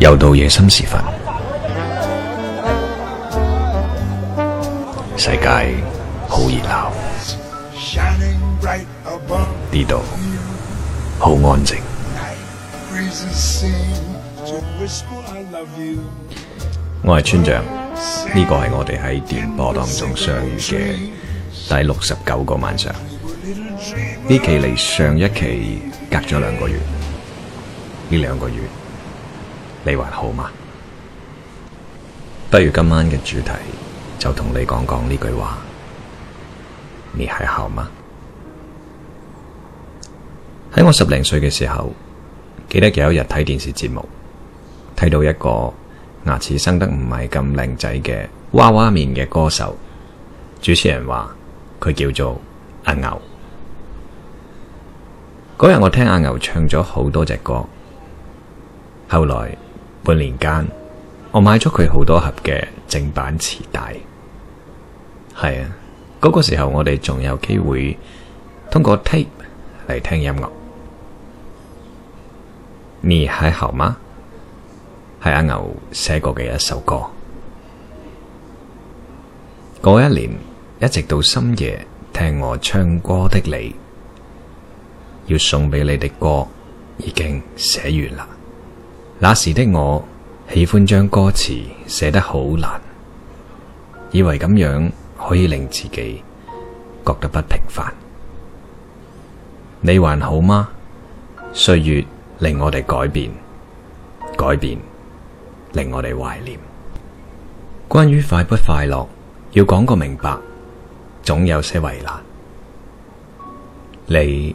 又到夜深時分，世界好熱鬧，呢度好安靜。我係村長，呢個係我哋喺電波當中相遇嘅第六十九個晚上。呢期離上一期。隔咗兩個月，呢兩個月你還好嗎？不如今晚嘅主題就同你講講呢句話，你還好嗎？喺我十零歲嘅時候，記得有一日睇電視節目，睇到一個牙齒生得唔係咁靚仔嘅娃娃面嘅歌手，主持人話佢叫做阿牛。嗰日我聽阿牛唱咗好多隻歌，後來半年間我買咗佢好多盒嘅正版磁帶，係啊，嗰、那個時候我哋仲有機會通過 tape 嚟聽音樂。你還好嗎？係阿牛寫過嘅一首歌，嗰一年一直到深夜聽我唱歌的你。要送俾你的歌已經寫完啦。那時的我喜歡將歌詞寫得好難，以為咁樣可以令自己覺得不平凡。你還好嗎？歲月令我哋改變，改變令我哋懷念。關於快不快樂，要講個明白，總有些為難你。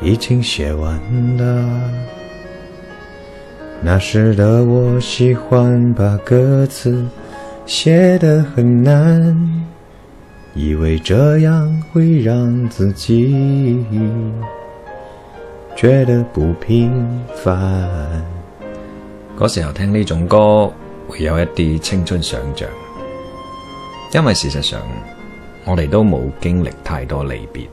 已經寫完了。那時的我喜歡把歌詞寫得很難，以為這樣會讓自己覺得不平凡。嗰時候聽呢種歌，會有一啲青春想象，因為事實上，我哋都冇經歷太多離別。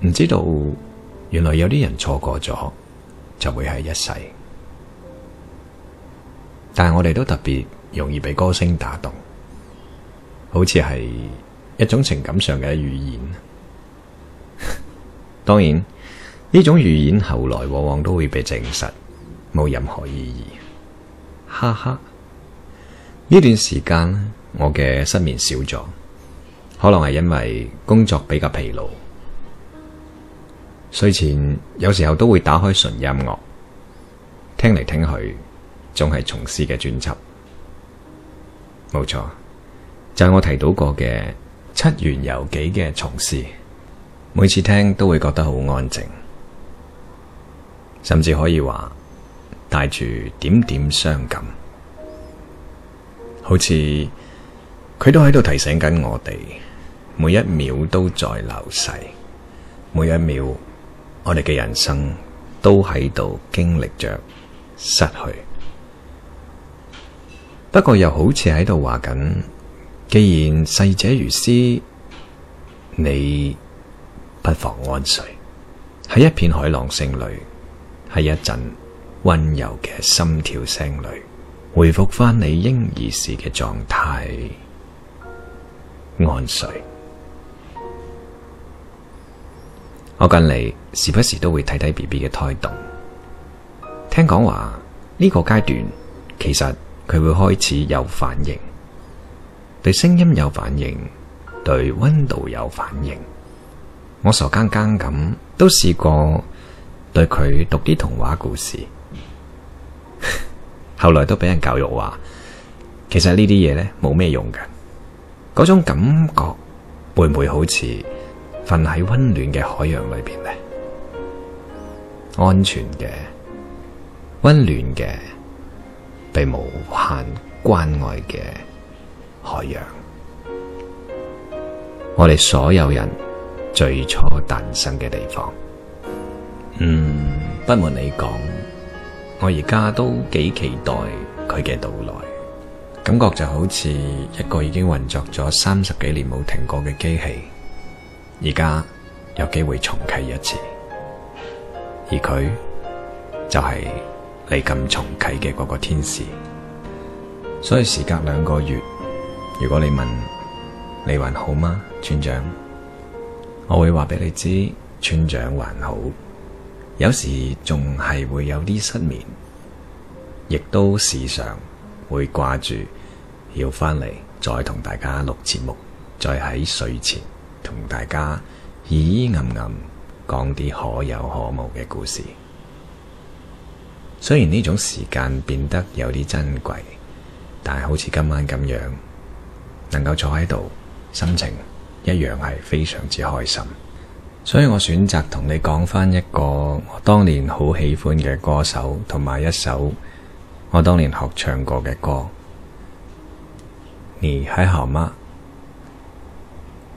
唔知道，原來有啲人錯過咗，就會係一世。但係我哋都特別容易被歌聲打動，好似係一種情感上嘅語言。當然，呢種語言後來往往都會被證實冇任何意義。哈哈！呢段時間我嘅失眠少咗，可能係因為工作比較疲勞。睡前有時候都會打開純音樂，聽嚟聽去，總係從事嘅專輯，冇錯，就係、是、我提到過嘅《七緣遊記》嘅從事，每次聽都會覺得好安靜，甚至可以話帶住點點傷感，好似佢都喺度提醒緊我哋，每一秒都在流逝，每一秒。我哋嘅人生都喺度經歷着失去，不過又好似喺度話緊，既然逝者如斯，你不妨安睡喺一片海浪聲裏，喺一陣溫柔嘅心跳聲裏，回復翻你嬰兒時嘅狀態，安睡。我近嚟時不時都會睇睇 BB 嘅胎動，聽講話呢個階段其實佢會開始有反應，對聲音有反應，對溫度有反應。我傻更更咁都試過對佢讀啲童話故事，後來都俾人教育話，其實呢啲嘢咧冇咩用㗎。嗰種感覺會唔會好似？瞓喺溫暖嘅海洋裏邊咧，安全嘅、溫暖嘅、被無限關愛嘅海洋，我哋所有人最初誕生嘅地方。嗯，不瞞你講，我而家都幾期待佢嘅到來，感覺就好似一個已經運作咗三十幾年冇停過嘅機器。而家有機會重啟一次，而佢就係你咁重啟嘅嗰個天使。所以時隔兩個月，如果你問你還好嗎，村長，我會話俾你知，村長還好。有時仲係會有啲失眠，亦都時常會掛住要返嚟再同大家錄節目，再喺睡前，同大家依依暗暗講啲可有可無嘅故事，雖然呢種時間變得有啲珍貴，但係好似今晚咁樣，能夠坐喺度，心情一樣係非常之開心。所以我選擇同你講翻一個我當年好喜歡嘅歌手同埋一首我當年學唱過嘅歌。你還好嗎？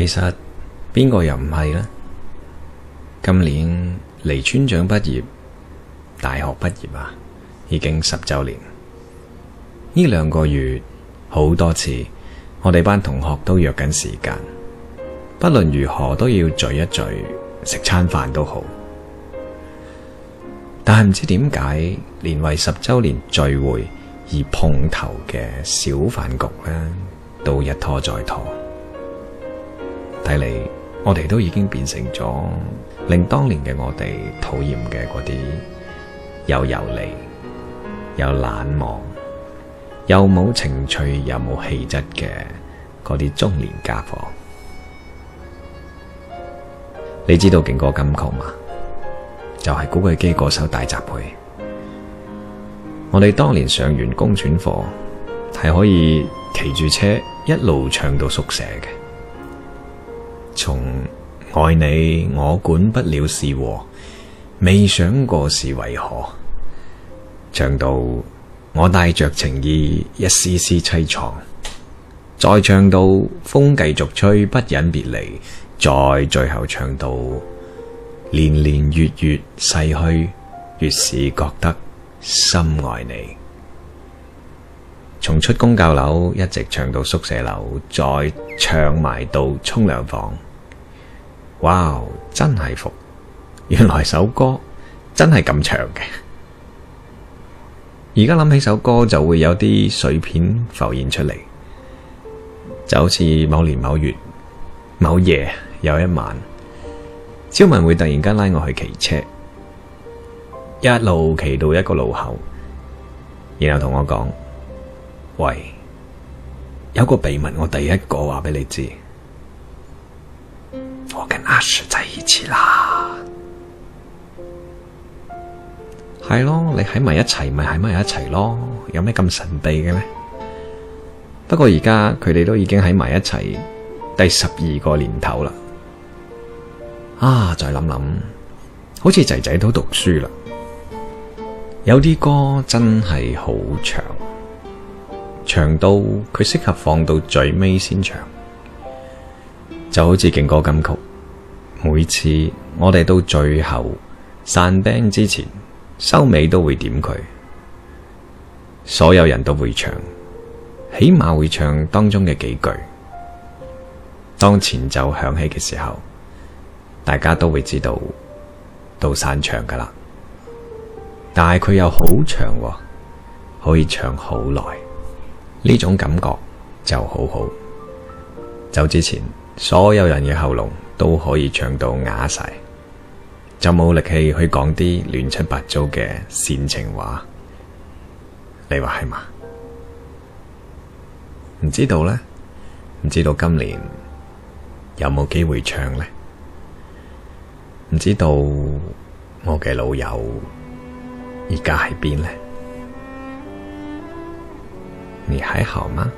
其實邊個又唔係呢？今年離村長畢業，大學畢業啊，已經十周年。呢兩個月好多次，我哋班同學都約緊時間，不論如何都要聚一聚，食餐飯都好。但係唔知點解，連為十周年聚會而碰頭嘅小飯局呢，都一拖再拖。睇嚟，我哋都已經變成咗令當年嘅我哋討厭嘅嗰啲又油膩、又冷漠、又冇情趣、又冇氣質嘅嗰啲中年家伙。你知道勁歌金曲嘛？就係、是、古巨基嗰首《大雜燴》。我哋當年上完公選課，係可以騎住車一路唱到宿舍嘅。從愛你我管不了是和，未想過是為何。唱到我帶着情意一絲絲淒愴，再唱到風繼續吹不忍別離，再最後唱到年年月月逝去，越是覺得深愛你。從出公教樓一直唱到宿舍樓，再唱埋到沖涼房。哇！Wow，真係服，原來首歌真係咁長嘅。而家諗起首歌就會有啲碎片浮現出嚟，就好似某年某月某夜有一晚，超文會突然間拉我去騎車，一路騎到一個路口，然後同我講：喂，有個秘密，我第一個話俾你知。我跟阿 Sir 在一起啦，係咯，你喺埋一齊咪喺埋一齊咯，有咩咁神秘嘅呢？不過而家佢哋都已經喺埋一齊第十二個年頭啦，啊，再諗諗，好似仔仔都讀書啦，有啲歌真係好長，長到佢適合放到最尾先唱。就好似勁歌金曲，每次我哋到最後散 band 之前收尾都會點佢，所有人都會唱，起碼會唱當中嘅幾句。當前奏響起嘅時候，大家都會知道到散場㗎喇。但係佢又好長，哦，可以唱好耐，呢種感覺就好好。走之前。所有人嘅喉嚨都可以唱到啞晒，就冇力氣去講啲亂七八糟嘅煽情話你。你話係嘛？唔知道咧，唔知道今年有冇機會唱咧？唔知道我嘅老友而家喺邊咧？你還好嗎？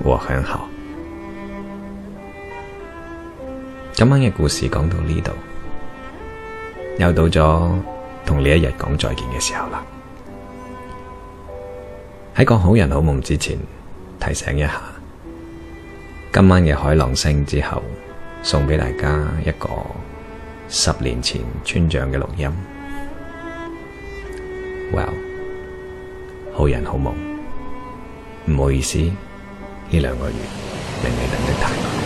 我很好。今晚嘅故事講到呢度，又到咗同你一日講再見嘅時候啦。喺講好人好夢之前，提醒一下，今晚嘅海浪聲之後，送俾大家一個十年前村長嘅錄音。Well，好人好夢，唔好意思，呢兩個月令你等得太耐。